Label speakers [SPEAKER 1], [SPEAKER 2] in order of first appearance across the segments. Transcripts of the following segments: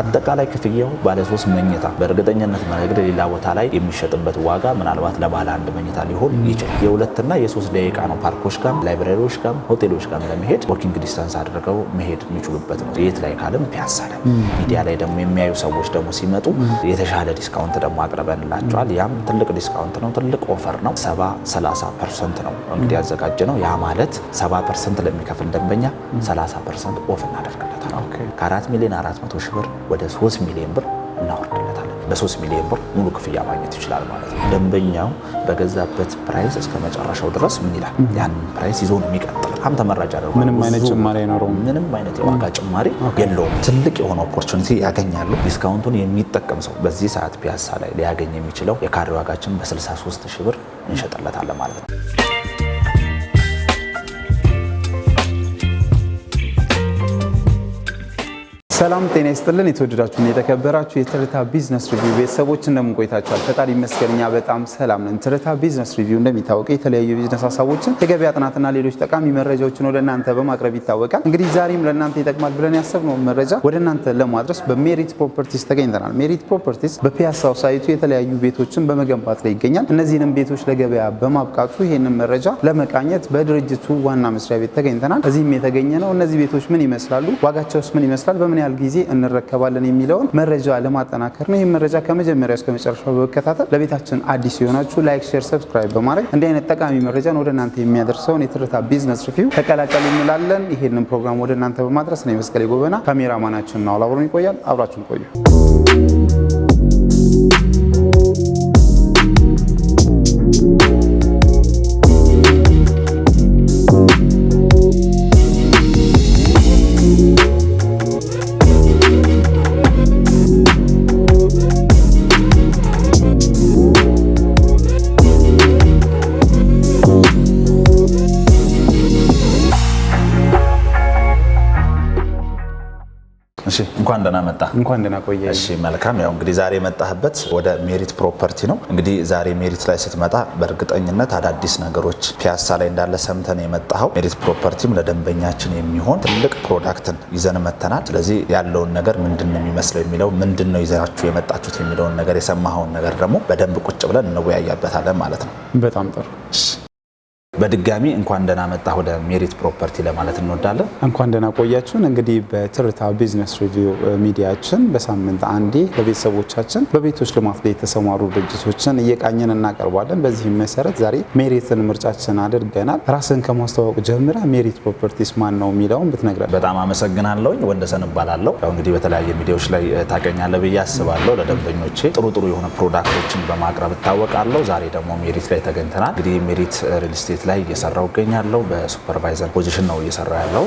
[SPEAKER 1] አጠቃላይ ክፍያው ባለ ሶስት መኝታ በእርግጠኝነት መነግድ ሌላ ቦታ ላይ የሚሸጥበት ዋጋ ምናልባት ለባለ አንድ መኝታ ሊሆን ይችላል። የሁለትና የሶስት ደቂቃ ነው። ፓርኮች ጋም፣ ላይብራሪዎች ጋም፣ ሆቴሎች ጋም ለመሄድ ወኪንግ ዲስታንስ አድርገው መሄድ የሚችሉበት ነው። የት ላይ ካለም ፒያሳ ላይ። ሚዲያ ላይ ደግሞ የሚያዩ ሰዎች ደግሞ ሲመጡ የተሻለ ዲስካውንት ደግሞ አቅርበንላቸዋል። ያም ትልቅ ዲስካውንት ነው፣ ትልቅ ኦፈር ነው። ሰባ ሰላሳ ፐርሰንት ነው እንግዲህ ያዘጋጀ ነው። ያ ማለት ሰባ ፐርሰንት ለሚከፍል ደንበኛ 30 ፐርሰንት ኦፍ እናደርግለታለን። ከአራት ሚሊዮን አራት መቶ ሺህ ብር ወደ 3 ሚሊዮን ብር እናወርድለታለን በሶስት ሚሊዮን ብር ሙሉ ክፍያ ማግኘት ይችላል ማለት ነው። ደንበኛው በገዛበት ፕራይስ እስከ መጨረሻው ድረስ ምን ይላል? ያንን ፕራይስ ይዞ ነው የሚቀጥል። በጣም ተመራጭ አደረገው።
[SPEAKER 2] ምንም አይነት ጭማሪ አይኖረውም።
[SPEAKER 1] ምንም አይነት የዋጋ ጭማሪ የለውም። ትልቅ የሆነ ኦፖርቹኒቲ ያገኛሉ። ዲስካውንቱን የሚጠቀም ሰው በዚህ ሰዓት ፒያሳ ላይ ሊያገኝ የሚችለው የካሬ ዋጋችን በ63 ሺህ ብር እንሸጥለታለን ማለት ነው። ሰላም ጤና ይስጥልን። የተወደዳችሁና የተከበራችሁ የትርታ ቢዝነስ ሪቪው ቤተሰቦች እንደምን ቆይታችኋል? ፈጣሪ ይመስገን እኛ በጣም ሰላም ነን። ትርታ ቢዝነስ ሪቪው እንደሚታወቀው የተለያዩ የቢዝነስ ሀሳቦችን፣ የገበያ ጥናትና ሌሎች ጠቃሚ መረጃዎችን ወደ እናንተ በማቅረብ ይታወቃል። እንግዲህ ዛሬም ለእናንተ ይጠቅማል ብለን ያሰብነውን መረጃ ወደ እናንተ ለማድረስ በሜሪት ፕሮፐርቲስ ተገኝተናል። ሜሪት ፕሮፐርቲስ በፒያሳ ሳይቱ የተለያዩ ቤቶችን በመገንባት ላይ ይገኛል። እነዚህንም ቤቶች ለገበያ በማብቃቱ ይህንን መረጃ ለመቃኘት በድርጅቱ ዋና መስሪያ ቤት ተገኝተናል። እዚህም የተገኘ ነው እነዚህ ቤቶች ምን ይመስላሉ፣ ዋጋቸውስ ምን ይመስላል፣ በምን ያህል ጊዜ እንረከባለን የሚለውን መረጃ ለማጠናከር ነው። ይህ መረጃ ከመጀመሪያ እስከ መጨረሻው በመከታተል ለቤታችን አዲስ የሆናችሁ ላይክ፣ ሼር፣ ሰብስክራይብ በማድረግ እንዲህ አይነት ጠቃሚ መረጃን ወደ እናንተ የሚያደርሰውን የትርታ ቢዝነስ ሪቪው ተቀላቀሉ እንላለን። ይህንን ፕሮግራም ወደ እናንተ በማድረስ ነው የመስቀሌ ጎበና ካሜራማናችን ነው አብሮን ይቆያል። አብራችሁን ቆዩ። መጣ። እንኳን ደህና ቆየ።
[SPEAKER 2] እሺ መልካም። ያው እንግዲህ ዛሬ የመጣህበት ወደ ሜሪት ፕሮፐርቲ ነው። እንግዲህ ዛሬ ሜሪት ላይ ስትመጣ በእርግጠኝነት አዳዲስ ነገሮች ፒያሳ ላይ እንዳለ ሰምተን የመጣኸው ሜሪት ፕሮፐርቲም ለደንበኛችን የሚሆን ትልቅ ፕሮዳክትን ይዘን መተናል። ስለዚህ ያለውን ነገር ምንድን ነው የሚመስለው የሚለው ምንድን ነው ይዘናችሁ የመጣችሁት የሚለውን ነገር የሰማኸውን ነገር ደግሞ በደንብ ቁጭ ብለን እንወያያበታለን ማለት ነው። በጣም ጥሩ። በድጋሚ እንኳን ደህና መጣ ወደ ሜሪት ፕሮፐርቲ ለማለት እንወዳለን።
[SPEAKER 1] እንኳን ደህና ቆያችሁን። እንግዲህ በትርታ ቢዝነስ ሪቪው ሚዲያችን በሳምንት አንዴ ለቤተሰቦቻችን በቤቶች ልማት ላይ የተሰማሩ ድርጅቶችን እየቃኘን እናቀርባለን። በዚህም መሰረት ዛሬ ሜሪትን ምርጫችን አድርገናል። ራስን ከማስተዋወቅ ጀምረ ሜሪት ፕሮፐርቲስ ማን ነው የሚለውን ብትነግረን።
[SPEAKER 2] በጣም አመሰግናለሁኝ። ወንደሰን እባላለሁ። ያው እንግዲህ በተለያየ ሚዲያዎች ላይ ታገኛለህ ብዬ አስባለሁ። ለደንበኞቼ ጥሩ ጥሩ የሆነ ፕሮዳክቶችን በማቅረብ እታወቃለሁ። ዛሬ ደግሞ ሜሪት ላይ ተገኝተናል። እንግዲህ ሜሪት ሪል ስቴት ላይ እየሰራው እገኛለሁ። በሱፐርቫይዘር ፖዚሽን ነው እየሰራ ያለው።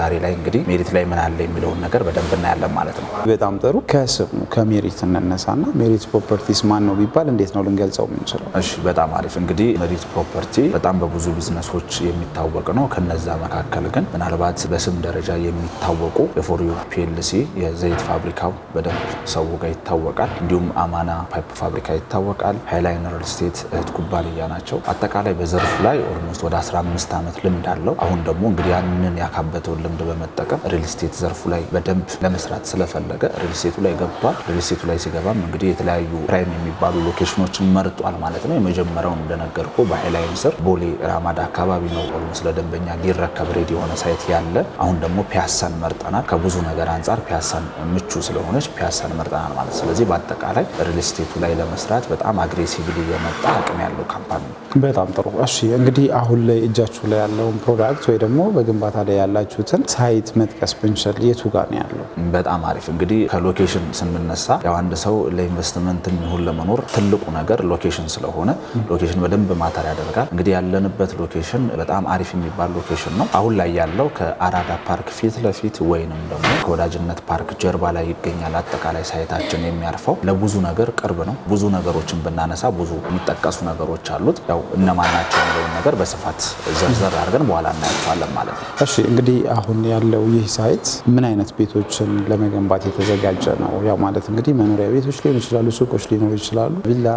[SPEAKER 2] ዛሬ ላይ እንግዲህ ሜሪት ላይ ምን አለ የሚለውን ነገር በደንብ እናያለን ማለት ነው።
[SPEAKER 1] በጣም ጥሩ። ከስሙ ከሜሪት እንነሳና ሜሪት ፕሮፐርቲስ ማን ነው ቢባል እንዴት ነው ልንገልጸው የምንችለው?
[SPEAKER 2] እሺ፣ በጣም አሪፍ። እንግዲህ ሜሪት ፕሮፐርቲ በጣም በብዙ ቢዝነሶች የሚታወቅ ነው። ከነዛ መካከል ግን ምናልባት በስም ደረጃ የሚታወቁ የፎሪዩ ፒኤልሲ የዘይት ፋብሪካው በደንብ ሰው ጋር ይታወቃል። እንዲሁም አማና ፓይፕ ፋብሪካ ይታወቃል። ሃይላይን ሪል ስቴት እህት ኩባንያ ናቸው። አጠቃላይ በዘርፍ ላይ ኦልሞስት ወደ 15 ዓመት ልምድ አለው። አሁን ደግሞ እንግዲህ ያንን ያካበተውን ልምድ በመጠቀም ሪል ስቴት ዘርፉ ላይ በደንብ ለመስራት ስለፈለገ ሪል ስቴቱ ላይ ገብቷል። ሪል ስቴቱ ላይ ሲገባም እንግዲህ የተለያዩ ፕራይም የሚባሉ ሎኬሽኖችን መርጧል ማለት ነው። የመጀመሪያውን እንደነገርኩ በሀይላይም ስር ቦሌ ራማዳ አካባቢ ነው ኦልሞስት ለደንበኛ ሊረከብ ሬዲ የሆነ ሳይት ያለ። አሁን ደግሞ ፒያሳን መርጠናል። ከብዙ ነገር አንጻር ፒያሳን ምቹ ስለሆነች ፒያሳን መርጠናል ማለት ስለዚህ በአጠቃላይ ሪል ስቴቱ ላይ ለመስራት በጣም አግሬሲቭሊ የመጣ አቅም ያለው ካምፓኒ ነው።
[SPEAKER 1] በጣም ጥሩ። እሺ እንግዲህ አሁን ላይ እጃችሁ ላይ ያለውን ፕሮዳክት ወይ ደግሞ በግንባታ ላይ ያላችሁትን ሳይት መጥቀስ ብንችል የቱ ጋር ነው ያለው?
[SPEAKER 2] በጣም አሪፍ እንግዲህ ከሎኬሽን ስንነሳ ያው አንድ ሰው ለኢንቨስትመንት የሚሆን ለመኖር ትልቁ ነገር ሎኬሽን ስለሆነ ሎኬሽን በደንብ ማተር ያደርጋል። እንግዲህ ያለንበት ሎኬሽን በጣም አሪፍ የሚባል ሎኬሽን ነው። አሁን ላይ ያለው ከአራዳ ፓርክ ፊት ለፊት ወይንም ደግሞ ከወዳጅነት ፓርክ ጀርባ ላይ ይገኛል። አጠቃላይ ሳይታችን የሚያርፈው ለብዙ ነገር ቅርብ ነው። ብዙ ነገሮችን ብናነሳ ብዙ የሚጠቀሱ ነገሮች አሉት። ያው እነማን ናቸው የሚለውን ነገር በስፋት ዘርዘር አድርገን በኋላ እናያቸዋለን ማለት ነው።
[SPEAKER 1] እሺ እንግዲህ አሁን ያለው ይህ ሳይት ምን አይነት ቤቶችን ለመገንባት የተዘጋጀ ነው? ያው ማለት እንግዲህ መኖሪያ ቤቶች ሊሆኑ ይችላሉ፣ ሱቆች ሊኖሩ ይችላሉ። ቪላ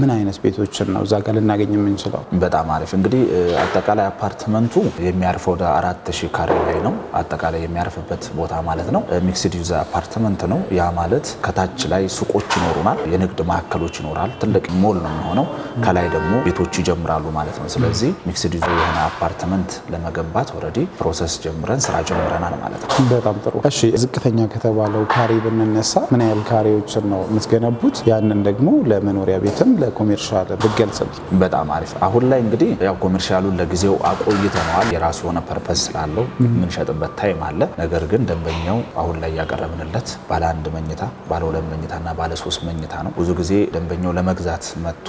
[SPEAKER 1] ምን አይነት ቤቶችን ነው እዛ ጋር ልናገኝ የምንችለው?
[SPEAKER 2] በጣም አሪፍ እንግዲህ አጠቃላይ አፓርትመንቱ የሚያርፈው ወደ አራት ሺህ ካሬ ላይ ነው አጠቃላይ የሚያርፍበት ቦታ ማለት ነው። ሚክስድ ዩዝ አፓርትመንት ነው። ያ ማለት ከታች ላይ ሱቆች ይኖሩናል፣ የንግድ ማዕከሎች ይኖራል፣ ትልቅ ሞል ነው የሚሆነው። ከላይ ደግሞ ቤቶች ይጀምራሉ ማለት ነው። ስለዚህ ሚክስድ ዩዝ የሆነ አፓርትመንት ለመገንባት ኦልሬዲ ፕሮሰስ ጀምረን ስራ ጀምረናል ማለት ነው።
[SPEAKER 1] በጣም ጥሩ። እሺ ዝቅተኛ ከተባለው ካሬ ብንነሳ ምን ያህል ካሬዎችን ነው የምትገነቡት? ያንን ደግሞ ለመኖሪያ ቤትም ለኮሜርሻል ብገልጽል።
[SPEAKER 2] በጣም አሪፍ። አሁን ላይ እንግዲህ ያው ኮሜርሻሉን ለጊዜው አቆይተነዋል። የራሱ የሆነ ፐርፐስ ስላለው የምንሸጥበት ታይም አለ። ነገር ግን ደንበኛው አሁን ላይ ያቀረብንለት ባለ አንድ መኝታ፣ ባለ ሁለት መኝታና ባለ ሶስት መኝታ ነው። ብዙ ጊዜ ደንበኛው ለመግዛት መጥቶ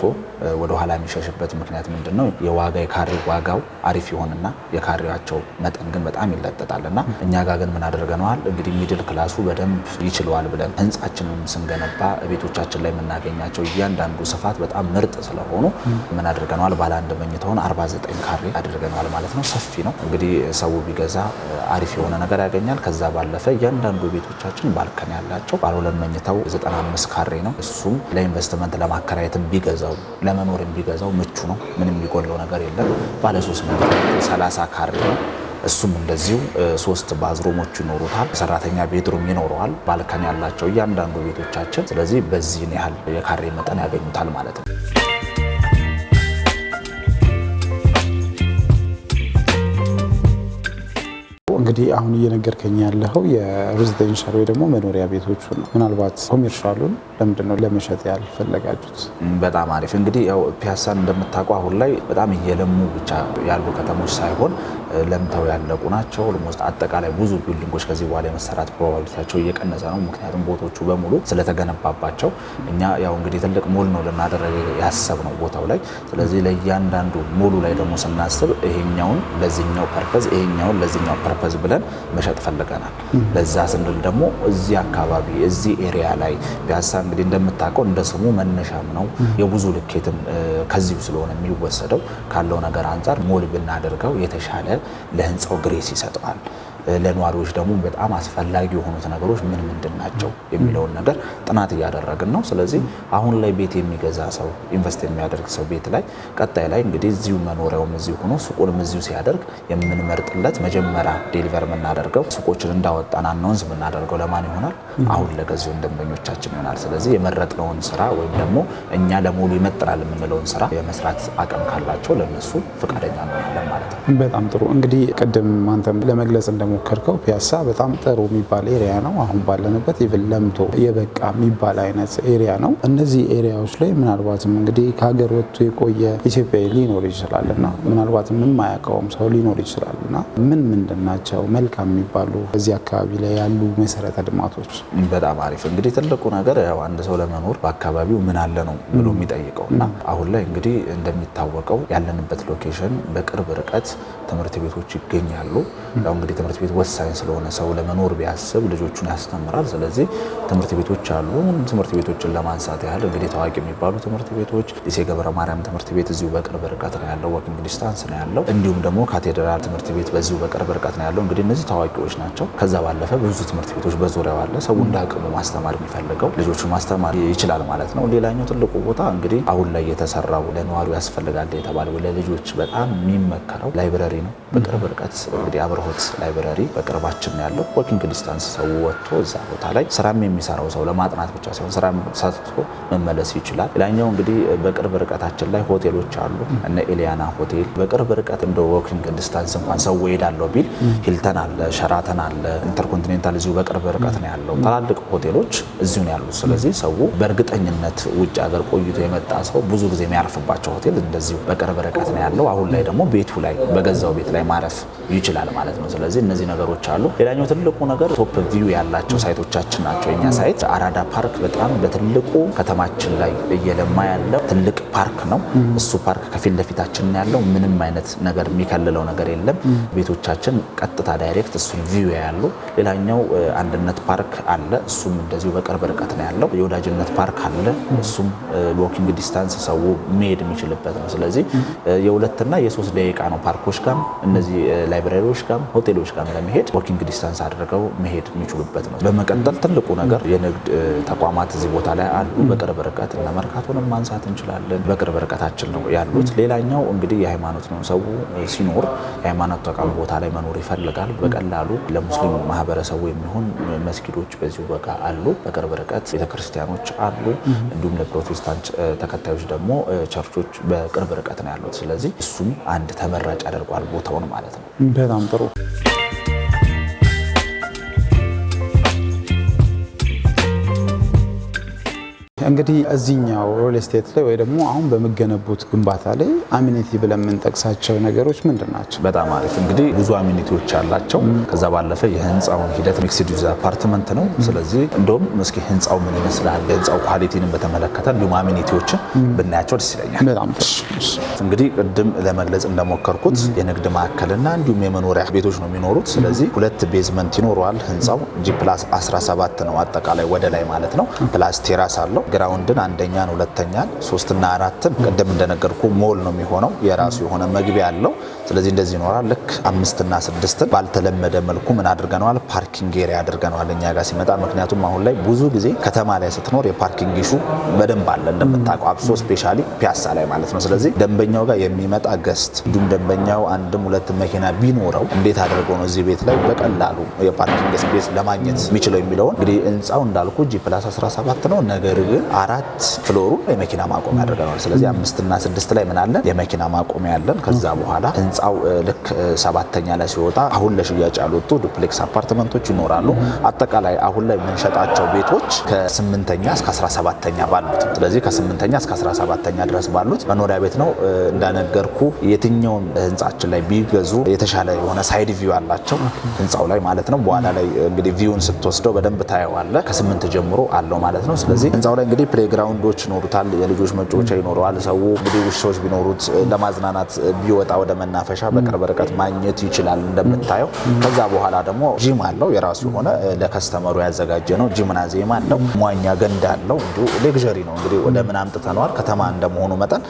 [SPEAKER 2] ወደኋላ የሚሸሽበት ምክንያት ምንድን ነው? የዋጋ የካሬ ዋጋው አሪፍ ይሆንና የካሬያቸው መጠን ግን በጣም ይለጠጣል እና እኛ ጋር ግን ምን አድርገነዋል እንግዲህ ሚድል ክላሱ በደንብ ይችለዋል ብለን ህንፃችንም ስንገነባ ቤቶቻችን ላይ የምናገኛቸው እያንዳንዱ ስፋት በጣም ምርጥ ስለሆኑ ምን አድርገነዋል ባለ አንድ መኝታውን 49 ካሬ አድርገነዋል ማለት ነው። ሰፊ ነው እንግዲህ ሰው ቢገዛ አሪፍ የሆነ ነገር ያገኛል። ከዛ ባለፈ እያንዳንዱ ቤቶቻችን ባልከን ያላቸው ባለ ሁለት መኝታው 95 ካሬ ነው። እሱም ለኢንቨስትመንት ለማከራየትም ቢገዛው ለመኖርም ቢገዛው ምቹ ነው። ምንም የሚጎለው ነገር የለም። ባለ ሶስት መኝታ 30 ካሬ ነው። እሱም እንደዚሁ ሶስት ባዝሮሞች ይኖሩታል። ሰራተኛ ቤድሩም ይኖረዋል። ባልከን ያላቸው እያንዳንዱ ቤቶቻችን። ስለዚህ በዚህን ያህል የካሬ መጠን ያገኙታል ማለት ነው።
[SPEAKER 1] እንግዲህ አሁን እየነገርከኝ ያለው የሬዚደንሻል ወይ ደግሞ መኖሪያ ቤቶቹ ነው። ምናልባት ኮሜርሻሉን ለምንድን ነው ለመሸጥ ያልፈለጋችሁት?
[SPEAKER 2] በጣም አሪፍ እንግዲህ ያው ፒያሳን እንደምታውቀው አሁን ላይ በጣም እየለሙ ብቻ ያሉ ከተሞች ሳይሆን ለምተው ያለቁ ናቸው። ኦልሞስት አጠቃላይ ብዙ ቢልዲንጎች ከዚህ በኋላ የመሰራት ፕሮባቢሊቲያቸው እየቀነሰ ነው። ምክንያቱም ቦቶቹ በሙሉ ስለተገነባባቸው እኛ ያው እንግዲህ ትልቅ ሞል ነው ልናደረግ ያሰብ ነው ቦታው ላይ። ስለዚህ ለእያንዳንዱ ሞሉ ላይ ደግሞ ስናስብ ይሄኛውን ለዚኛው ፐርፐዝ፣ ይሄኛውን ለዚኛው ፐርፐዝ ብለን መሸጥ ፈልገናል። ለዛ ስንል ደግሞ እዚህ አካባቢ እዚህ ኤሪያ ላይ ቢያሳ እንግዲህ እንደምታውቀው እንደ ስሙ መነሻም ነው የብዙ ልኬትም ከዚሁ ስለሆነ የሚወሰደው ካለው ነገር አንጻር ሞል ብናደርገው የተሻለ ለህንፃው ግሬስ ይሰጠዋል። ለነዋሪዎች ደግሞ በጣም አስፈላጊ የሆኑት ነገሮች ምን ምንድን ናቸው የሚለውን ነገር ጥናት እያደረግን ነው። ስለዚህ አሁን ላይ ቤት የሚገዛ ሰው ኢንቨስት የሚያደርግ ሰው ቤት ላይ ቀጣይ ላይ እንግዲህ እዚሁ መኖሪያውም እዚሁ ሆኖ ሱቁንም እዚሁ ሲያደርግ የምንመርጥለት መጀመሪያ ዴሊቨር የምናደርገው ሱቆችን እንዳወጣን አናውንስ የምናደርገው ለማን ይሆናል? አሁን ለገዙን ደንበኞቻችን ይሆናል። ስለዚህ የመረጥነውን ስራ ወይም ደግሞ እኛ ለሙሉ ይመጥናል የምንለውን ስራ የመስራት አቅም ካላቸው ለነሱ ፈቃደኛ እንሆናለን ማለት
[SPEAKER 1] ነው። በጣም ጥሩ እንግዲህ ቅድም አንተም ለመግለጽ እንደሞ የሞከርከው ፒያሳ በጣም ጥሩ የሚባል ኤሪያ ነው። አሁን ባለንበት ይብን ለምቶ የበቃ የሚባል አይነት ኤሪያ ነው። እነዚህ ኤሪያዎች ላይ ምናልባትም እንግዲህ ከሀገር ወጥቶ የቆየ ኢትዮጵያዊ ሊኖር ይችላል እና ምናልባትም የማያውቀውም ሰው ሊኖር ይችላል እና ምን ምንድን ናቸው መልካም የሚባሉ እዚህ አካባቢ ላይ ያሉ መሰረተ ልማቶች?
[SPEAKER 2] በጣም አሪፍ እንግዲህ ትልቁ ነገር ያው አንድ ሰው ለመኖር በአካባቢው ምን አለ ነው ብሎ የሚጠይቀው እና አሁን ላይ እንግዲህ እንደሚታወቀው ያለንበት ሎኬሽን በቅርብ ርቀት ትምህርት ቤቶች ይገኛሉ። ያው እንግዲህ ትምህርት ቤት ወሳኝ ስለሆነ ሰው ለመኖር ቢያስብ ልጆቹን ያስተምራል። ስለዚህ ትምህርት ቤቶች አሉ። ትምህርት ቤቶችን ለማንሳት ያህል እንግዲህ ታዋቂ የሚባሉ ትምህርት ቤቶች ሊሴ ገብረ ማርያም ትምህርት ቤት እዚሁ በቅርብ ርቀት ነው ያለው፣ ወኪንግ ዲስታንስ ነው ያለው። እንዲሁም ደግሞ ካቴድራል ትምህርት ቤት በዚሁ በቅርብ ርቀት ነው ያለው። እንግዲህ እነዚህ ታዋቂዎች ናቸው። ከዛ ባለፈ ብዙ ትምህርት ቤቶች በዙሪያው አለ። ሰው እንደ አቅሙ ማስተማር የሚፈልገው ልጆቹን ማስተማር ይችላል ማለት ነው። ሌላኛው ትልቁ ቦታ እንግዲህ አሁን ላይ የተሰራው ለነዋሪው ያስፈልጋል የተባለው ለልጆች በጣም የሚመከረው ላይብረሪ ነው። በቅርብ ርቀት እንግዲህ አብርሆት ላይብረሪ ላይብረሪ በቅርባችን ያለው ወኪንግ ዲስታንስ ሰው ወጥቶ እዛ ቦታ ላይ ስራም የሚሰራው ሰው ለማጥናት ብቻ ሳይሆን ስራ ሰጥቶ መመለስ ይችላል። ሌላኛው እንግዲህ በቅርብ ርቀታችን ላይ ሆቴሎች አሉ። እነ ኤሊያና ሆቴል በቅርብ ርቀት እንደ ወኪንግ ዲስታንስ እንኳን ሰው እሄዳለሁ ቢል ሂልተን አለ፣ ሸራተን አለ፣ ኢንተርኮንቲኔንታል እዚሁ በቅርብ ርቀት ነው ያለው። ትላልቅ ሆቴሎች እዚሁ ነው ያሉት። ስለዚህ ሰው በእርግጠኝነት ውጭ ሀገር ቆይቶ የመጣ ሰው ብዙ ጊዜ የሚያርፍባቸው ሆቴል እንደዚሁ በቅርብ ርቀት ነው ያለው። አሁን ላይ ደግሞ ቤቱ ላይ በገዛው ቤት ላይ ማረፍ ይችላል ማለት ነው። ስለዚህ እነዚህ ነገሮች አሉ። ሌላኛው ትልቁ ነገር ቶፕ ቪው ያላቸው ሳይቶቻችን ናቸው። የኛ ሳይት አራዳ ፓርክ በጣም በትልቁ ከተማችን ላይ እየለማ ያለ ትልቅ ፓርክ ነው። እሱ ፓርክ ከፊት ለፊታችን ያለው ምንም አይነት ነገር የሚከልለው ነገር የለም። ቤቶቻችን ቀጥታ ዳይሬክት እሱን ቪው ያሉ። ሌላኛው አንድነት ፓርክ አለ። እሱም እንደዚሁ በቅርብ ርቀት ነው ያለው። የወዳጅነት ፓርክ አለ። እሱም በወኪንግ ዲስታንስ ሰው መሄድ የሚችልበት ነው። ስለዚህ የሁለትና የሶስት ደቂቃ ነው ፓርኮች ጋም እነዚህ ላይብራሪዎች ጋም ሆቴሎች ጋም ለመሄድ ወርኪንግ ዲስታንስ አድርገው መሄድ የሚችሉበት ነው። በመቀጠል ትልቁ ነገር የንግድ ተቋማት እዚህ ቦታ ላይ አሉ። በቅርብ ርቀት እና መርካቶንም ማንሳት እንችላለን። በቅርብ ርቀታችን ነው ያሉት። ሌላኛው እንግዲህ የሃይማኖት ነው። ሰው ሲኖር የሃይማኖት ተቋም ቦታ ላይ መኖር ይፈልጋል። በቀላሉ ለሙስሊም ማህበረሰቡ የሚሆን መስጊዶች በዚሁ በጋ አሉ። በቅርብ ርቀት ቤተክርስቲያኖች አሉ። እንዲሁም ለፕሮቴስታንት ተከታዮች ደግሞ ቸርቾች በቅርብ ርቀት ነው ያሉት። ስለዚህ እሱም አንድ ተመራጭ ያደርጓል ቦታውን ማለት ነው።
[SPEAKER 1] በጣም ጥሩ እንግዲህ እዚህኛው ሮል ስቴት ላይ ወይ ደግሞ አሁን በሚገነቡት ግንባታ ላይ አሚኒቲ ብለን የምንጠቅሳቸው ነገሮች ምንድን ናቸው?
[SPEAKER 2] በጣም አሪፍ እንግዲህ ብዙ አሚኒቲዎች አላቸው። ከዛ ባለፈ የህንፃውን ሂደት ሚክስድ ዩዝ አፓርትመንት ነው። ስለዚህ እንደውም እስኪ ህንፃው ምን ይመስላል፣ የህንፃው ኳሊቲንም በተመለከተ እንዲሁም አሚኒቲዎችን ብናያቸው ደስ ይለኛል። በጣም እንግዲህ ቅድም ለመግለጽ እንደሞከርኩት የንግድ ማዕከልና እንዲሁም የመኖሪያ ቤቶች ነው የሚኖሩት። ስለዚህ ሁለት ቤዝመንት ይኖረዋል ህንፃው። ጂ ፕላስ 17 ነው አጠቃላይ ወደ ላይ ማለት ነው። ፕላስ ቴራስ አለው ግራውንድን አንደኛን፣ ሁለተኛን፣ ሶስትና አራትን ቅድም እንደነገርኩ ሞል ነው የሚሆነው የራሱ የሆነ መግቢያ አለው። ስለዚህ እንደዚህ ይኖራል። ልክ አምስትና ስድስትን ባልተለመደ መልኩ ምን አድርገነዋል? ፓርኪንግ ኤሪያ አድርገነዋል እኛ ጋር ሲመጣ። ምክንያቱም አሁን ላይ ብዙ ጊዜ ከተማ ላይ ስትኖር የፓርኪንግ ኢሹ በደንብ አለ እንደምታውቀው፣ አብሶ ስፔሻሊ ፒያሳ ላይ ማለት ነው። ስለዚህ ደንበኛው ጋር የሚመጣ ገስት እንዲሁም ደንበኛው አንድም ሁለት መኪና ቢኖረው እንዴት አድርገው ነው እዚህ ቤት ላይ በቀላሉ የፓርኪንግ ስፔስ ለማግኘት የሚችለው የሚለውን እንግዲህ ህንፃው እንዳልኩ ጂ ፕላስ 17 ነው። ነገር ግን አራት ፍሎሩን የመኪና ማቆሚያ አድርገናል። ስለዚህ አምስትና ስድስት ላይ ምናለን የመኪና ማቆሚያ ያለን። ከዛ በኋላ ህንፃው ልክ ሰባተኛ ላይ ሲወጣ አሁን ለሽያጭ ያልወጡ ዱፕሌክስ አፓርትመንቶች ይኖራሉ። አጠቃላይ አሁን ላይ የምንሸጣቸው ቤቶች ከስምንተኛ እስከ አስራ ሰባተኛ ባሉት ስለዚህ ከስምንተኛ እስከ አስራ ሰባተኛ ድረስ ባሉት መኖሪያ ቤት ነው። እንዳነገርኩ የትኛውም ህንፃችን ላይ ቢገዙ የተሻለ የሆነ ሳይድ ቪው አላቸው ህንፃው ላይ ማለት ነው። በኋላ ላይ እንግዲህ ቪውን ስትወስደው በደንብ ታየዋለ። ከስምንት ጀምሮ አለው ማለት ነው። ስለዚህ ህንፃው ላይ እንግዲህ ፕሌግራውንዶች ይኖሩታል፣ የልጆች መጫወቻ ይኖረዋል። ሰው እንግዲህ ውሾች ቢኖሩት ለማዝናናት ቢወጣ ወደ መናፈሻ በቅርብ ርቀት ማግኘት ይችላል እንደምታየው። ከዛ በኋላ ደግሞ ጂም አለው የራሱ የሆነ ለከስተመሩ ያዘጋጀ ነው። ጂምናዚየም አለው፣ መዋኛ ገንዳ አለው። እንዲሁ ሌግዠሪ ነው እንግዲህ ወደ ምን አምጥተነዋል፣ ከተማ እንደመሆኑ መጠን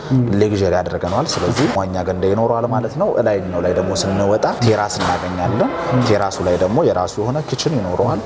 [SPEAKER 2] ሌግዠሪ አድርገነዋል። ስለዚህ መዋኛ ገንዳ ይኖረዋል ማለት ነው። ላይኛው ላይ ደግሞ ስንወጣ ቴራስ እናገኛለን። ቴራሱ ላይ ደግሞ የራሱ የሆነ ኪችን ይኖረዋል።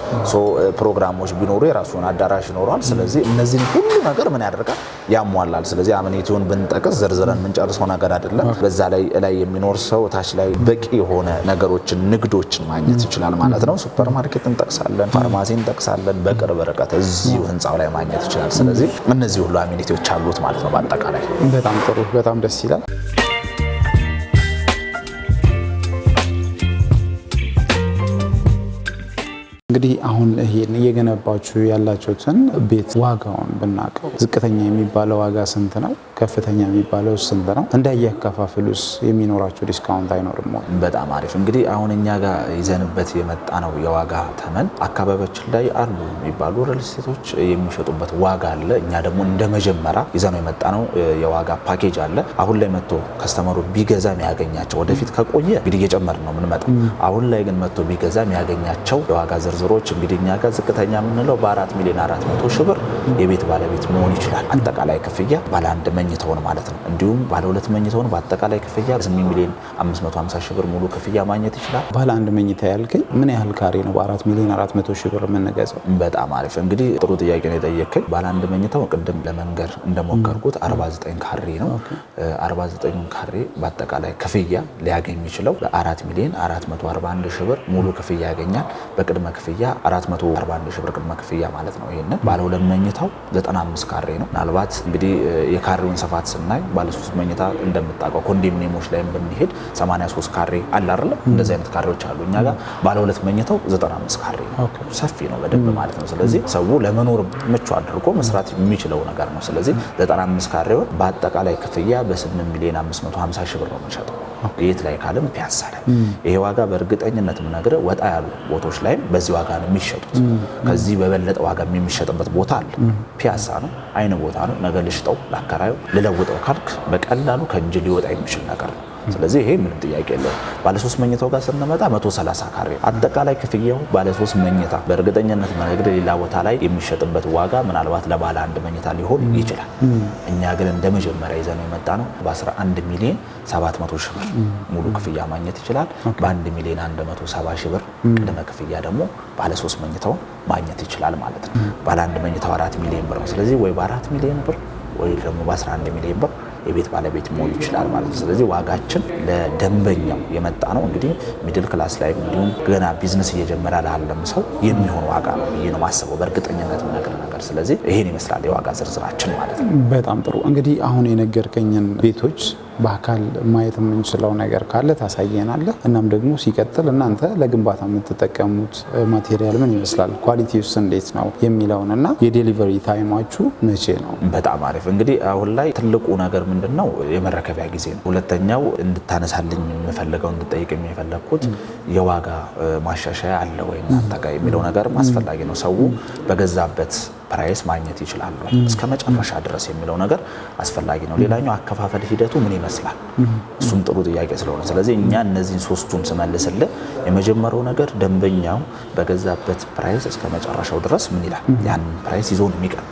[SPEAKER 2] ፕሮግራሞች ቢኖሩ የራሱ የሆነ አዳራሽ ይኖረዋል። ስለዚህ እነዚህን ሁሉ ነገር ምን ያደርጋል ያሟላል። ስለዚህ አመኔቲውን ብንጠቅስ ዝርዝረን የምንጨርሰው ነገር አይደለም። በዛ ላይ ላይ የሚኖር ሰው ታች ላይ በቂ የሆነ ነገሮችን ንግዶችን ማግኘት ይችላል ማለት ነው። ሱፐርማርኬት ማርኬት እንጠቅሳለን፣ ፋርማሲ እንጠቅሳለን። በቅርብ ርቀት እዚሁ ህንፃው ላይ ማግኘት ይችላል። ስለዚህ እነዚህ ሁሉ አሚኒቲዎች አሉት ማለት ነው። በአጠቃላይ
[SPEAKER 1] በጣም ጥሩ፣ በጣም ደስ ይላል። እንግዲህ አሁን ይሄን እየገነባችሁ ያላችሁትን ቤት ዋጋውን ብናውቀው ዝቅተኛ የሚባለው ዋጋ ስንት ነው? ከፍተኛ የሚባለው ስንት ነው? እንዳያከፋፍሉስ የሚኖራቸው ዲስካውንት አይኖርም
[SPEAKER 2] በጣም አሪፍ። እንግዲህ አሁን እኛ ጋር ይዘንበት የመጣ ነው የዋጋ ተመን። አካባቢያችን ላይ አሉ የሚባሉ ሪል የሚሸጡበት ዋጋ አለ። እኛ ደግሞ እንደ መጀመሪያ ይዘነው የመጣ ነው የዋጋ ፓኬጅ አለ። አሁን ላይ መጥቶ ከስተመሩ ቢገዛ የሚያገኛቸው ወደፊት ከቆየ እንግዲህ እየጨመርን ነው የምንመጣው። አሁን ላይ ግን መጥቶ ቢገዛ የሚያገኛቸው የዋጋ ዝርዝር ዝርዝሮች እንግዲህ እኛ ጋር ዝቅተኛ የምንለው በአራት ሚሊዮን አራት መቶ ሺህ ብር የቤት ባለቤት መሆን ይችላል። አጠቃላይ ክፍያ ባለ አንድ መኝታውን ማለት ነው። እንዲሁም ባለ ሁለት መኝታውን በአጠቃላይ ክፍያ 8 ሚሊዮን 550 ሺህ ብር ሙሉ ክፍያ ማግኘት ይችላል።
[SPEAKER 1] ባለ አንድ መኝታ ያልከኝ ምን ያህል ካሬ ነው? በአራት ሚሊዮን አራት መቶ ሺህ ብር የምንገዛው?
[SPEAKER 2] በጣም አሪፍ እንግዲህ ጥሩ ጥያቄ ነው የጠየቅኝ። ባለ አንድ መኝተው ቅድም ለመንገር እንደሞከርኩት 49 ካሬ ነው። 49 ካሬ በአጠቃላይ ክፍያ ሊያገኝ የሚችለው በ4 ሚሊዮን 441 ሺህ ብር ሙሉ ክፍያ ያገኛል በቅድመ ክፍያ ክፍያ 441 ሺህ ብር ቅድመ ክፍያ ማለት ነው። ይህንን ባለ ሁለት መኝታው 95 ካሬ ነው። ምናልባት እንግዲህ የካሬውን ስፋት ስናይ ባለ ሶስት መኝታ እንደምታውቀው ኮንዶሚኒየሞች ላይ ብንሄድ 83 ካሬ አለ አይደለ? እንደዚህ አይነት ካሬዎች አሉ። እኛ ጋር ባለ ሁለት መኝታው 95 ካሬ ነው። ሰፊ ነው በደንብ ማለት ነው። ስለዚህ ሰው ለመኖር ምቹ አድርጎ መስራት የሚችለው ነገር ነው። ስለዚህ 95 ካሬውን በአጠቃላይ ክፍያ በ8 ሚሊዮን 550 ሺህ ብር ነው የምንሸጠው። የት ላይ ካለም ፒያሳ ላይ ይሄ ዋጋ በእርግጠኝነት ምነግርህ ወጣ ያሉ ቦታዎች ላይም በዚህ ዋጋ ነው የሚሸጡት። ከዚህ በበለጠ ዋጋ የሚሸጥበት ቦታ አለ። ፒያሳ ነው፣ አይን ቦታ ነው። ነገ ልሽጠው፣ ላከራዩ፣ ልለውጠው ካልክ በቀላሉ ከእጅ ሊወጣ የሚችል ነገር ነው። ስለዚህ ይሄ ምንም ጥያቄ የለው። ባለሶስት መኝታው ጋር ስንመጣ 130 ካሬ
[SPEAKER 1] አጠቃላይ ክፍያው ባለሶስት መኝታ በእርግጠኝነት መንግድ ሌላ ቦታ ላይ የሚሸጥበት ዋጋ ምናልባት ለባለ አንድ መኝታ ሊሆን ይችላል። እኛ ግን እንደ መጀመሪያ ይዘነው የመጣ ነው በ11 ሚሊዮን 700 ሺህ ብር ሙሉ ክፍያ ማግኘት ይችላል። በ1 ሚሊዮን 170 ሺህ ብር ቅድመ ክፍያ ደግሞ ባለሶስት መኝታው ማግኘት ይችላል ማለት ነው። ባለ አንድ መኝታው 4 ሚሊዮን ብር ነው። ስለዚህ ወይ በ4 ሚሊዮን ብር ወይ ደግሞ በ11 ሚሊዮን ብር የቤት ባለቤት መሆን ይችላል ማለት ነው። ስለዚህ ዋጋችን ለደንበኛው የመጣ ነው እንግዲህ ሚድል ክላስ ላይ እንዲሁም ገና ቢዝነስ እየጀመረ ላለም ሰው የሚሆን ዋጋ ነው ብዬ ነው ማስበው በእርግጠኝነት ነገር ነገር። ስለዚህ ይሄን ይመስላል የዋጋ ዝርዝራችን ማለት
[SPEAKER 2] ነው። በጣም ጥሩ እንግዲህ አሁን የነገርከኝን ቤቶች በአካል ማየት የምንችለው ነገር ካለ ታሳየናለህ። እናም ደግሞ ሲቀጥል እናንተ ለግንባታ የምትጠቀሙት ማቴሪያል ምን ይመስላል፣ ኳሊቲውስ እንዴት ነው የሚለውን እና የዴሊቨሪ ታይማችሁ መቼ ነው?
[SPEAKER 1] በጣም አሪፍ። እንግዲህ አሁን ላይ ትልቁ ነገር ምንድን ነው? የመረከቢያ ጊዜ ነው። ሁለተኛው እንድታነሳልኝ የምፈልገው እንድጠይቅ የሚፈለግኩት የዋጋ ማሻሻያ አለ ወይም አጠቃ የሚለው ነገርም አስፈላጊ ነው። ሰው በገዛበት ፕራይስ ማግኘት ይችላሉ እስከ መጨረሻ ድረስ የሚለው ነገር አስፈላጊ ነው። ሌላኛው አከፋፈል ሂደቱ ምን ይመስላል? እሱም ጥሩ ጥያቄ ስለሆነ ስለዚህ እኛ እነዚህን ሶስቱን ስመልስል የመጀመሪያው ነገር ደንበኛው በገዛበት ፕራይስ እስከ መጨረሻው ድረስ ምን ይላል? ያንን ፕራይስ ይዞ ነው የሚቀር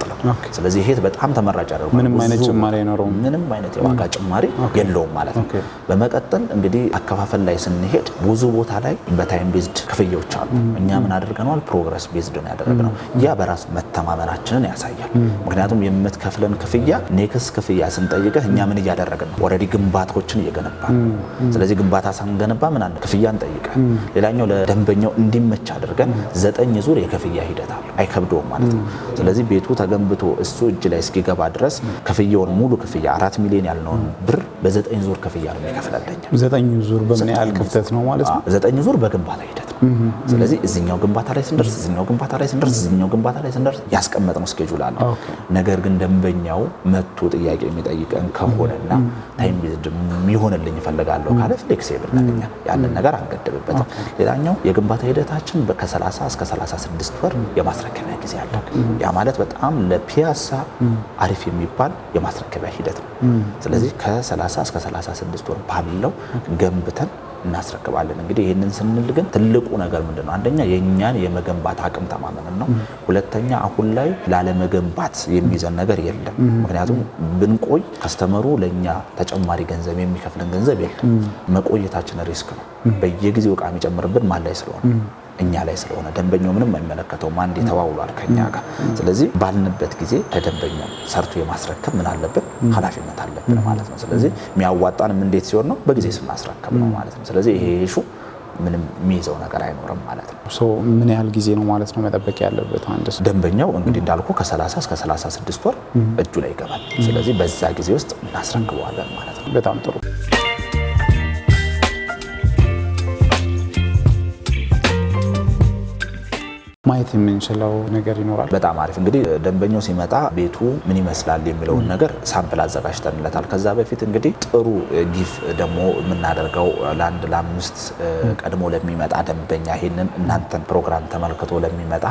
[SPEAKER 1] ስለዚህ ይሄ በጣም ተመራጭ ያደርገዋል።
[SPEAKER 2] ምንም አይነት ጭማሪ አይኖረውም።
[SPEAKER 1] ምንም አይነት የዋጋ ጭማሪ የለውም ማለት ነው። በመቀጠል እንግዲህ አከፋፈል ላይ ስንሄድ ብዙ ቦታ ላይ በታይም ቤዝድ ክፍያዎች አሉ። እኛ ምን አድርገነዋል? ፕሮግረስ ቤዝድ ነው ያደረግነው። ያ በራስ መተማመናችንን ያሳያል። ምክንያቱም የምትከፍለን ክፍያ ኔክስ ክፍያ ስንጠይቀህ እኛ ምን እያደረግን ነው? ኦልሬዲ ግንባታዎችን እየገነባ ነው። ስለዚህ ግንባታ ሳንገነባ ምን አለ ክፍያ እንጠይቀህ። ሌላኛው ለደንበኛው እንዲመች አድርገን ዘጠኝ ዙር የክፍያ ሂደት አለ። አይከብደውም ማለት ነው። ስለዚህ ቤቱ ተገንብ ገንብቶ እሱ እጅ ላይ እስኪገባ ድረስ ክፍያውን ሙሉ ክፍያ አራት ሚሊዮን ያልነውን ብር በዘጠኝ ዙር ክፍያ ነው የሚከፍለለኛል።
[SPEAKER 2] ዘጠኝ ዙር በምን ያህል ክፍተት ነው
[SPEAKER 1] ማለት ነው? ዘጠኝ ዙር በግንባታ ሂደት ስለዚህ እዚኛው ግንባታ ላይ ስንደርስ እዚኛው ግንባታ ላይ ስንደርስ እዚኛው ግንባታ ላይ ስንደርስ ያስቀመጥነው ስኬጁል አለ። ነገር ግን ደንበኛው መጥቶ ጥያቄ የሚጠይቀን ከሆነና ታይም ቤዝድ የሚሆንልኝ እፈልጋለሁ ካለ ፍሌክሲብል ነገኛ ያንን ነገር አንገድብበትም። ሌላኛው የግንባታ ሂደታችን ከ30 እስከ 36 ወር የማስረከቢያ ጊዜ አለ። ያ ማለት በጣም ለፒያሳ አሪፍ የሚባል የማስረከቢያ ሂደት ነው። ስለዚህ ከ30 እስከ 36 ወር ባለው ገንብተን እናስረክባለን። እንግዲህ ይህንን ስንል ግን ትልቁ ነገር ምንድን ነው? አንደኛ የእኛን የመገንባት አቅም ተማመን ነው። ሁለተኛ አሁን ላይ ላለመገንባት የሚይዘን ነገር የለም። ምክንያቱም ብንቆይ ከስተመሩ ለእኛ ተጨማሪ ገንዘብ የሚከፍልን ገንዘብ የለም። መቆየታችን ሪስክ ነው። በየጊዜው ዕቃ የሚጨምርብን ማላይ ስለሆነ እኛ ላይ ስለሆነ ደንበኛው ምንም አይመለከተውም። አንድ የተዋውሏል ከኛ ጋር። ስለዚህ ባልንበት ጊዜ ለደንበኛው ሰርቶ የማስረከብ ምን አለብን ኃላፊነት አለብን ማለት ነው። ስለዚህ የሚያዋጣንም እንዴት ሲሆን ነው? በጊዜ ስናስረከብ ነው ማለት ነው። ስለዚህ ይሄ ይሹ ምንም የሚይዘው ነገር አይኖርም ማለት
[SPEAKER 2] ነው። ሶ ምን ያህል ጊዜ ነው ማለት ነው መጠበቅ ያለበት አንድ ሰው?
[SPEAKER 1] ደንበኛው እንግዲህ እንዳልኩ ከ30 እስከ 36 ወር እጁ ላይ ይገባል። ስለዚህ በዛ ጊዜ ውስጥ እናስረክበዋለን ማለት
[SPEAKER 2] ነው። በጣም ጥሩ ማየት የምንችለው ነገር ይኖራል።
[SPEAKER 1] በጣም አሪፍ። እንግዲህ ደንበኛው ሲመጣ ቤቱ ምን ይመስላል የሚለውን ነገር ሳምፕል አዘጋጅተንለታል። ከዛ በፊት እንግዲህ ጥሩ ጊፍ ደግሞ የምናደርገው ለአንድ ለአምስት ቀድሞ ለሚመጣ ደንበኛ ይህንን እናንተን ፕሮግራም ተመልክቶ ለሚመጣ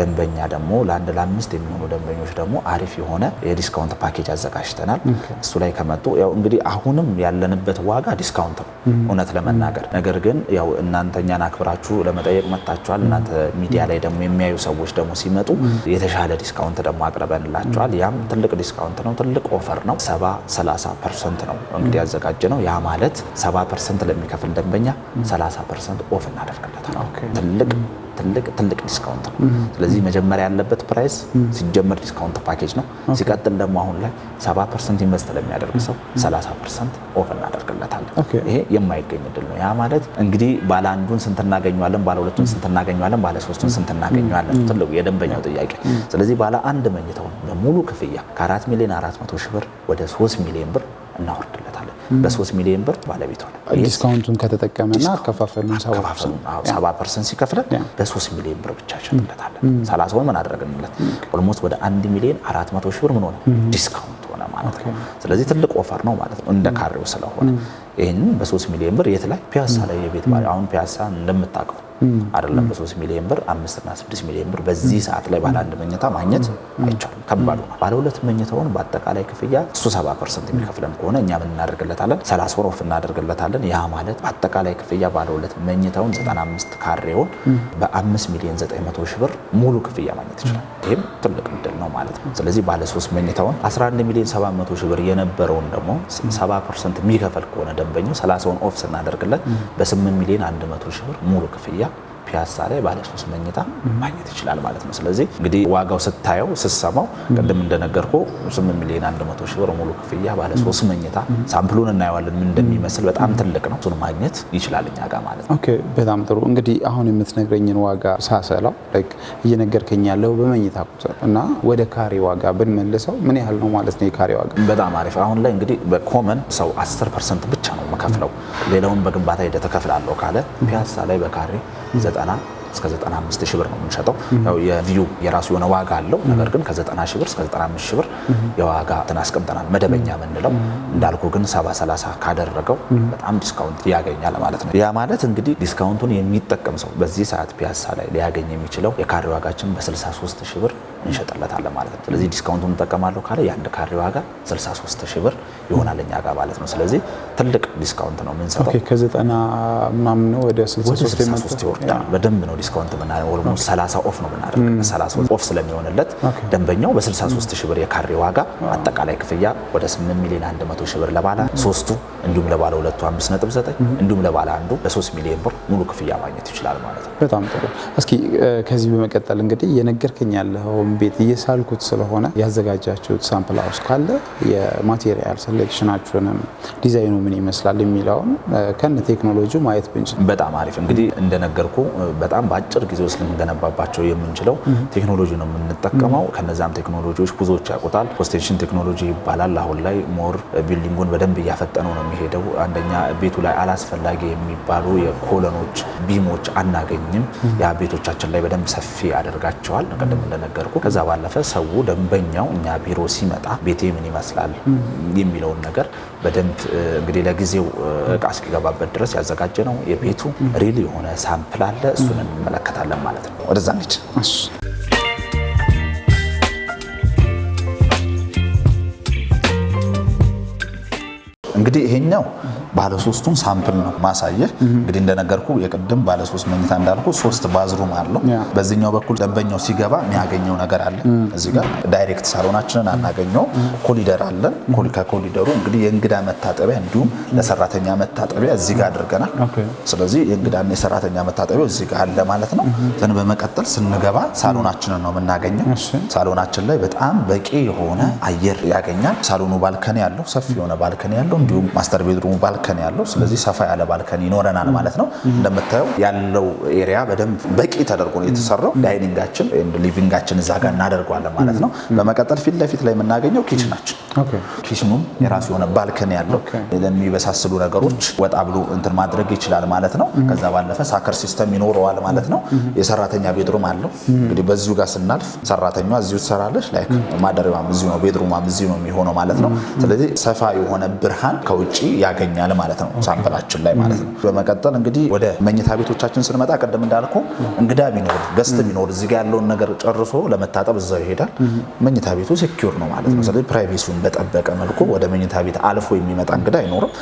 [SPEAKER 1] ደንበኛ ደግሞ ለአንድ ለአምስት የሚሆኑ ደንበኞች ደግሞ አሪፍ የሆነ የዲስካውንት ፓኬጅ አዘጋጅተናል። እሱ ላይ ከመጡ ያው እንግዲህ አሁንም ያለንበት ዋጋ ዲስካውንት ነው እውነት ለመናገር ነገር ግን ያው እናንተኛን አክብራችሁ ለመጠየቅ መጥታችኋል። እናንተ ሚዲያ ላይ ደግሞ ደግሞ የሚያዩ ሰዎች ደግሞ ሲመጡ የተሻለ ዲስካውንት ደግሞ አቅርበንላቸዋል። ያም ትልቅ ዲስካውንት ነው፣ ትልቅ ኦፈር ነው። 70 30 ፐርሰንት ነው እንግዲህ ያዘጋጀ ነው። ያ ማለት 70 ፐርሰንት ለሚከፍል ደንበኛ 30 ፐርሰንት ኦፍ እናደርግለታል። ትልቅ ትልቅ ትልቅ ዲስካውንት ነው። ስለዚህ መጀመሪያ ያለበት ፕራይስ ሲጀመር ዲስካውንት ፓኬጅ ነው። ሲቀጥል ደግሞ አሁን ላይ 70 ፐርሰንት ኢንቨስት ለሚያደርግ ሰው 30 ፐርሰንት ኦፍ እናደርግለታለን። ይሄ የማይገኝ እድል ነው። ያ ማለት እንግዲህ ባለ አንዱን ስንት እናገኘዋለን፣ ባለ ሁለቱን ስንት እናገኘዋለን፣ ባለ ሶስቱን ስንት እናገኘዋለን? ትልቁ የደንበኛው ጥያቄ። ስለዚህ ባለ አንድ መኝታውን በሙሉ ክፍያ ከ4 ሚሊዮን 400 ሺህ ብር ወደ 3 ሚሊዮን ብር እናወርድ በሶስት ሚሊዮን ብር ባለቤት ሆነ።
[SPEAKER 2] ዲስካውንቱን ከተጠቀመና አከፋፈሉን
[SPEAKER 1] ሰባ ፐርሰንት ሲከፍለን በሶስት ሚሊዮን ብር ብቻ ሸጥለታለን። ሰላሳውን ምን አደረግንለት? ኦልሞስት ወደ አንድ ሚሊዮን አራት መቶ ሺህ ብር ምን ሆነ ዲስካውንት ሆነ ማለት ነው። ስለዚህ ትልቅ ኦፈር ነው ማለት ነው እንደ ካሬው ስለሆነ ይህንን በሶስት ሚሊዮን ብር የት ላይ ፒያሳ ላይ የቤት አሁን ፒያሳ እንደምታውቀው አይደለም በ3 ሚሊዮን ብር እና 6 ሚሊዮን ብር በዚህ ሰዓት ላይ ባለ አንድ መኝታ ማግኘት አይቻልም። ከባዱ ነው። ባለ ሁለት መኝታውን በአጠቃላይ ክፍያ እሱ 70 ፐርሰንት የሚከፍለን ከሆነ እኛ ምን እናደርግለታለን? 30 ወር ወፍ እናደርግለታለን። ያ ማለት በአጠቃላይ ክፍያ ባለ ሁለት መኝታውን 95 ካሬውን በ5 ሚሊዮን 900 ሺህ ብር ሙሉ ክፍያ ማግኘት ይችላል። ይህም ትልቅ ምድል ነው ማለት ነው። ስለዚህ ባለ 3 መኝታውን 11 ሚሊዮን 700 ሺህ ብር የነበረውን ደግሞ 70 ፐርሰንት የሚከፈል ከሆነ ደንበኛው 30 ወር ኦፍ ስናደርግለት በ8 ሚሊዮን 100 ሺህ ብር ሙሉ ክፍያ ፒያሳ ላይ ባለ ሶስት መኝታ ማግኘት ይችላል ማለት ነው። ስለዚህ እንግዲህ ዋጋው ስታየው ስሰማው ቅድም እንደነገርኩ 8 ሚሊዮን 100 ሺህ ብር ሙሉ ክፍያ ባለ ሶስት መኝታ ሳምፕሉን እናየዋለን ምን እንደሚመስል በጣም ትልቅ ነው። እሱን ማግኘት ይችላል እኛ ጋር ማለት
[SPEAKER 2] ነው። ኦኬ በጣም ጥሩ እንግዲህ አሁን የምትነግረኝን ዋጋ ሳሰላው እየነገርከኝ ያለው በመኝታ ቁጥር እና ወደ ካሬ ዋጋ ብንመልሰው ምን ያህል ነው ማለት ነው? የካሬ ዋጋ
[SPEAKER 1] በጣም አሪፍ። አሁን ላይ እንግዲህ በኮመን ሰው 10 ፐርሰንት ብቻ ነው መከፍለው ሌላውን በግንባታ ሂደት እከፍላለሁ ካለ ፒያሳ ላይ በካሬ ዘጠና እስከ 95 ሺህ ብር ነው የምንሸጠው። ያው የቪው የራሱ የሆነ ዋጋ አለው። ነገር ግን ከ90 ሺህ ብር እስከ 95 ሺህ ብር የዋጋ እንትን አስቀምጠናል። መደበኛ የምንለው እንዳልኩ ግን 70 30 ካደረገው በጣም ዲስካውንት ያገኛል ማለት ነው። ያ ማለት እንግዲህ ዲስካውንቱን የሚጠቀም ሰው በዚህ ሰዓት ፒያሳ ላይ ሊያገኝ የሚችለው የካሬ ዋጋችን በ63 ሺህ ብር እንሸጥለታለን ማለት ነው። ስለዚህ ዲስካውንቱን እንጠቀማለሁ ካለ የአንድ ካሬ ዋጋ 63 ሺህ ብር ይሆናል እኛ ጋር ማለት ነው። ስለዚህ ትልቅ ዲስካውንት ነው
[SPEAKER 2] የምንሰጠው። ከ90 ምናምን ወደ 63
[SPEAKER 1] ይወርዳል። በደንብ ነው ዲስካውንት ብናደርግ ኦልሞስት 30 ኦፍ ነው ብናደርግ 30 ኦፍ ስለሚሆንለት ደንበኛው በ63 ሺህ ብር የካሬ ዋጋ አጠቃላይ ክፍያ ወደ 8 ሚሊዮን 100 ሺህ ብር ለባለ ሶስቱ እንዲሁም ለባለ ሁለቱ 5.9 እንዲሁም ለባለ አንዱ ለ3 ሚሊዮን ብር ሙሉ ክፍያ ማግኘት ይችላል ማለት
[SPEAKER 2] ነው። በጣም ጥሩ። እስኪ ከዚህ በመቀጠል እንግዲህ የነገርከኝ ያለውን ቤት እየሳልኩት ስለሆነ ያዘጋጃችሁት ሳምፕል ሀውስ ካለ የማቴሪያል ሴሌክሽናችሁንም ዲዛይኑ ምን ይመስላል የሚለውን ከነ ቴክኖሎጂ ማየት ብንችል
[SPEAKER 1] በጣም አሪፍ። እንግዲህ እንደነገርኩ በጣም በአጭር ጊዜ ውስጥ ልንገነባባቸው የምንችለው ቴክኖሎጂ ነው የምንጠቀመው። ከነዛም ቴክኖሎጂዎች ብዙዎች ያውቁታል። ፖስቴሽን ቴክኖሎጂ ይባላል። አሁን ላይ ሞር ቢልዲንጉን በደንብ እያፈጠነው ነው የሚሄደው። አንደኛ ቤቱ ላይ አላስፈላጊ የሚባሉ የኮለኖች ቢሞች አናገኝም። ያ ቤቶቻችን ላይ በደንብ ሰፊ ያደርጋቸዋል፣ ቀደም እንደነገርኩ። ከዛ ባለፈ ሰው ደንበኛው እኛ ቢሮ ሲመጣ ቤቴ ምን ይመስላል የሚለውን ነገር በደንብ እንግዲህ ለጊዜው እቃ እስኪገባበት ድረስ ያዘጋጀ ነው። የቤቱ ሪል የሆነ ሳምፕል አለ እሱን እንመለከታለን ማለት
[SPEAKER 2] ነው። ወደዛ እንሂድ።
[SPEAKER 1] እንግዲህ ይሄኛው ባለሶስቱን ሳምፕል ነው ማሳየ እንግዲህ እንደነገርኩ የቅድም ባለሶስት መኝታ እንዳልኩ ሶስት ባዝሩም አለው። በዚህኛው በኩል ደንበኛው ሲገባ የሚያገኘው ነገር አለ። እዚህ ጋር ዳይሬክት ሳሎናችንን አናገኘው ኮሊደር አለን። ከኮሊደሩ እንግዲህ የእንግዳ መታጠቢያ እንዲሁም ለሰራተኛ መታጠቢያ እዚህ ጋር አድርገናል። ስለዚህ የእንግዳና የሰራተኛ መታጠቢያ እዚህ ጋር አለ ማለት ነው። ዘን በመቀጠል ስንገባ ሳሎናችንን ነው የምናገኘው። ሳሎናችን ላይ በጣም በቂ የሆነ አየር ያገኛል። ሳሎኑ ባልከኒ ያለው ሰፊ የሆነ ባልከኒ ያለው እንዲሁም ማስተር ቤድሩሙ ባልከን ያለው ስለዚህ ሰፋ ያለ ባልከን ይኖረናል ማለት ነው። እንደምታየው ያለው ኤሪያ በደንብ በቂ ተደርጎ ነው የተሰራው። ዳይኒንጋችን ሊቪንጋችን እዛ ጋር እናደርገዋለን ማለት ነው። በመቀጠል ፊት ለፊት ላይ የምናገኘው ኪችናችን፣ ኪችኑም የራሱ የሆነ ባልከን ያለው ለሚበሳስሉ ነገሮች ወጣ ብሎ እንትን ማድረግ ይችላል ማለት ነው። ከዛ ባለፈ ሳከር ሲስተም ይኖረዋል ማለት ነው። የሰራተኛ ቤድሩም አለው እንግዲህ በዚሁ ጋር ስናልፍ ሰራተኛ እዚሁ ትሰራለች። ላይክ ማደሪያዋም እዚሁ ነው፣ ቤድሩማም እዚሁ ነው የሚሆነው ማለት ነው። ስለዚህ ሰፋ የሆነ ብርሃን ከውጭ ያገኛል ማለት ነው፣ ሳምፕላችን ላይ ማለት ነው። በመቀጠል እንግዲህ ወደ መኝታ ቤቶቻችን ስንመጣ ቅድም እንዳልኩ እንግዳ ቢኖር ገስት ቢኖር እዚህ ያለውን ነገር ጨርሶ ለመታጠብ እዛው ይሄዳል። መኝታ ቤቱ ሴኪዩር ነው ማለት ነው። ስለዚህ ፕራይቬሲውን በጠበቀ መልኩ ወደ መኝታ ቤት አልፎ የሚመጣ እንግዳ አይኖርም።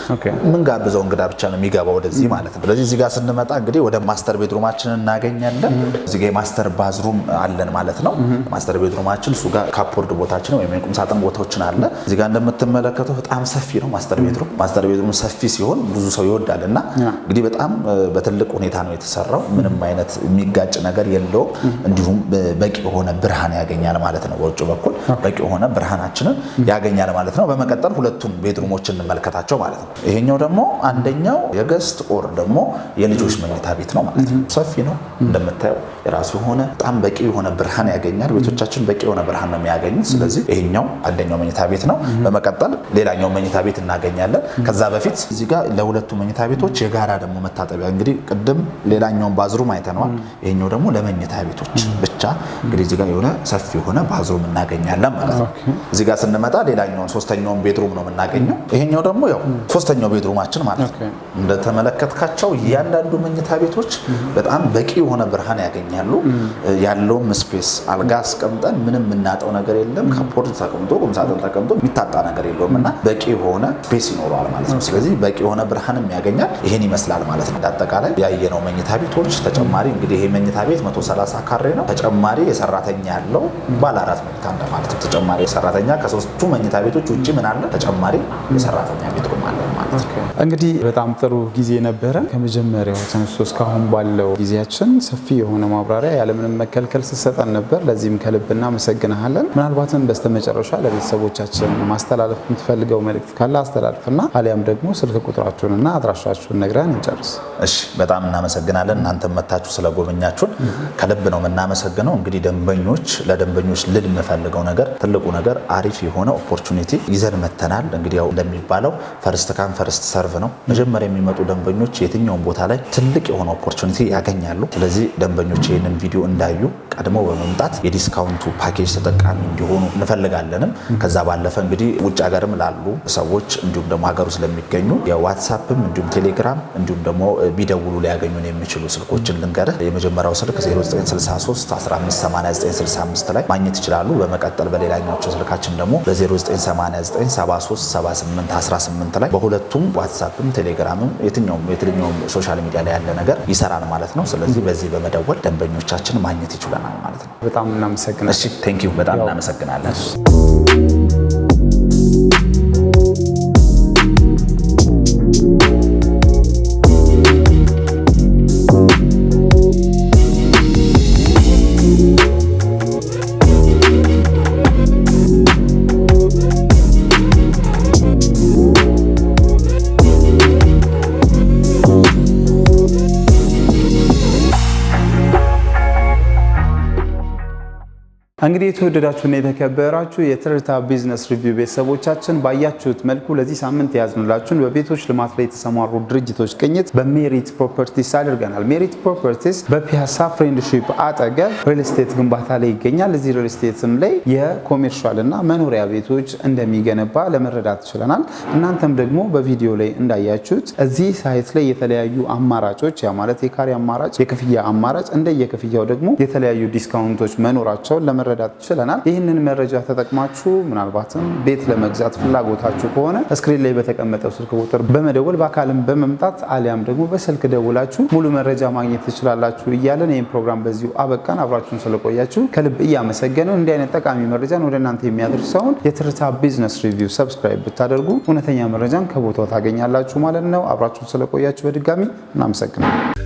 [SPEAKER 1] ምንጋብዘው እንግዳ ብቻ ነው የሚገባው ወደዚህ ማለት ነው። ስለዚህ እዚህ ስንመጣ እንግዲህ ወደ ማስተር ቤድሩማችን እናገኛለን። እዚህ ጋ የማስተር ባዝሩም አለን ማለት ነው። ማስተር ቤድሩማችን እሱ ጋር ካፖርድ ቦታችን ወይም የቁምሳጥን ቦታዎችን አለ። እዚህ እንደምትመለከተው በጣም ሰፊ ነው ማስተር ቤድሩም ማስተር ቤድሩም ሰፊ ሲሆን ብዙ ሰው ይወዳል እና እንግዲህ በጣም በትልቅ ሁኔታ ነው የተሰራው። ምንም አይነት የሚጋጭ ነገር የለውም። እንዲሁም በቂ የሆነ ብርሃን ያገኛል ማለት ነው። በውጭ በኩል በቂ የሆነ ብርሃናችንን ያገኛል ማለት ነው። በመቀጠል ሁለቱም ቤድሩሞች እንመልከታቸው ማለት ነው። ይሄኛው ደግሞ አንደኛው የገስት ኦር ደግሞ የልጆች መኝታ ቤት ነው ማለት ነው። ሰፊ ነው እንደምታየው፣ የራሱ የሆነ በጣም በቂ የሆነ ብርሃን ያገኛል። ቤቶቻችን በቂ የሆነ ብርሃን ነው የሚያገኙት። ስለዚህ ይሄኛው አንደኛው መኝታ ቤት ነው። በመቀጠል ሌላኛው መኝታ ቤት እናገኛል እናገኛለን። ከዛ በፊት እዚህ ጋር ለሁለቱ መኝታ ቤቶች የጋራ ደግሞ መታጠቢያ እንግዲህ ቅድም ሌላኛውን ባዝሩም አይተነዋል። ይሄኛው ደግሞ ለመኝታ ቤቶች ብቻ እንግዲህ እዚህ ጋር የሆነ ሰፊ የሆነ ባዝሩም እናገኛለን ማለት ነው። እዚህ ጋር ስንመጣ ሌላኛውን ሶስተኛውን ቤድሩም ነው የምናገኘው። ይሄኛው ደግሞ ያው ሶስተኛው ቤድሩማችን ማለት ነው። እንደተመለከትካቸው እያንዳንዱ መኝታ ቤቶች በጣም በቂ የሆነ ብርሃን ያገኛሉ። ያለውም ስፔስ አልጋ አስቀምጠን ምንም የምናጠው ነገር የለም። ካፖርት ተቀምጦ ቁምሳጥን ተቀምጦ የሚታጣ ነገር የለውም እና በቂ የሆነ ስፔስ ይኖረዋል ማለት ነው። ስለዚህ በቂ የሆነ ብርሃንም ያገኛል። ይህን ይመስላል ማለት ነው። እንዳጠቃላይ ያየነው መኝታ ቤቶች ተጨማሪ እንግዲህ ይሄ መኝታ ቤት 130 ካሬ ነው። ተጨማሪ የሰራተኛ ያለው ባለ አራት መኝታ እንደማለት ነው። ተጨማሪ የሰራተኛ ከሶስቱ መኝታ ቤቶች ውጭ ምን አለ? ተጨማሪ የሰራተኛ ቤት
[SPEAKER 2] እንግዲህ በጣም ጥሩ ጊዜ ነበረ። ከመጀመሪያው ተነስቶ እስካሁን ባለው ጊዜያችን ሰፊ የሆነ ማብራሪያ ያለምንም መከልከል ስትሰጠን ነበር። ለዚህም ከልብ እናመሰግናለን። ምናልባትም በስተመጨረሻ ለቤተሰቦቻችን ማስተላለፍ የምትፈልገው መልእክት ካለ አስተላልፍና አሊያም ደግሞ ስልክ ቁጥራችሁንና አድራሻችሁን ነግረን እንጨርስ።
[SPEAKER 1] እሺ፣ በጣም እናመሰግናለን። እናንተም መታችሁ ስለጎበኛችሁን ከልብ ነው የምናመሰግነው። እንግዲህ ደንበኞች ለደንበኞች ልል የምፈልገው ነገር ትልቁ ነገር አሪፍ የሆነ ኦፖርቹኒቲ ይዘን መተናል። እንግዲህ ያው እንደሚባለው ፈርስት ካም ፈርስት ሰርቭ ነው። መጀመሪያ የሚመጡ ደንበኞች የትኛውን ቦታ ላይ ትልቅ የሆነ ኦፖርቹኒቲ ያገኛሉ። ስለዚህ ደንበኞች ይህንን ቪዲዮ እንዳዩ ቀድሞ በመምጣት የዲስካውንቱ ፓኬጅ ተጠቃሚ እንዲሆኑ እንፈልጋለንም። ከዛ ባለፈ እንግዲህ ውጭ ሀገርም ላሉ ሰዎች እንዲሁም ደግሞ ሀገሩ ስለሚገኙ የዋትሳፕም እንዲሁም ቴሌግራም እንዲሁም ደግሞ ቢደውሉ ሊያገኙን የሚችሉ ስልኮችን ልንገርህ። የመጀመሪያው ስልክ 0963 1589 ላይ ማግኘት ይችላሉ። በመቀጠል በሌላኛቸው ስልካችን ደግሞ በ0989737818 ላይ በሁለቱ ሁለቱም ዋትሳፕም፣ ቴሌግራምም የትኛውም የትኛውም ሶሻል ሚዲያ ላይ ያለ ነገር ይሰራል ማለት ነው። ስለዚህ በዚህ በመደወል ደንበኞቻችን ማግኘት ይችለናል ማለት
[SPEAKER 2] ነው። በጣም እናመሰግናለን።
[SPEAKER 1] በጣም እናመሰግናለን።
[SPEAKER 2] እንግዲህ የተወደዳችሁና የተከበራችሁ የትርታ ቢዝነስ ሪቪው ቤተሰቦቻችን ባያችሁት መልኩ ለዚህ ሳምንት የያዝንላችሁን በቤቶች ልማት ላይ የተሰማሩ ድርጅቶች ቅኝት በሜሪት ፕሮፐርቲስ አድርገናል። ሜሪት ፕሮፐርቲስ በፒያሳ ፍሬንድሺፕ አጠገብ ሪል ስቴት ግንባታ ላይ ይገኛል። እዚህ ሪል ስቴትም ላይ የኮሜርሻል እና መኖሪያ ቤቶች እንደሚገነባ ለመረዳት ችለናል። እናንተም ደግሞ በቪዲዮ ላይ እንዳያችሁት እዚህ ሳይት ላይ የተለያዩ አማራጮች ያ ማለት የካሬ አማራጭ፣ የክፍያ አማራጭ እንደየክፍያው ደግሞ የተለያዩ ዲስካውንቶች መኖራቸውን ለመረ መረዳት ችለናል። ይህንን መረጃ ተጠቅማችሁ ምናልባትም ቤት ለመግዛት ፍላጎታችሁ ከሆነ እስክሪን ላይ በተቀመጠው ስልክ ቁጥር በመደወል በአካልም በመምጣት አሊያም ደግሞ በስልክ ደውላችሁ ሙሉ መረጃ ማግኘት ትችላላችሁ እያለን ይህን ፕሮግራም በዚሁ አበቃን። አብራችሁን ስለቆያችሁ ከልብ እያመሰገንን እንዲህ አይነት ጠቃሚ መረጃን ወደ እናንተ የሚያደርሰውን የትርታ ቢዝነስ ሪቪው ሰብስክራይብ ብታደርጉ እውነተኛ መረጃን ከቦታው ታገኛላችሁ ማለት ነው። አብራችሁን ስለቆያችሁ በድጋሚ እናመሰግናለን።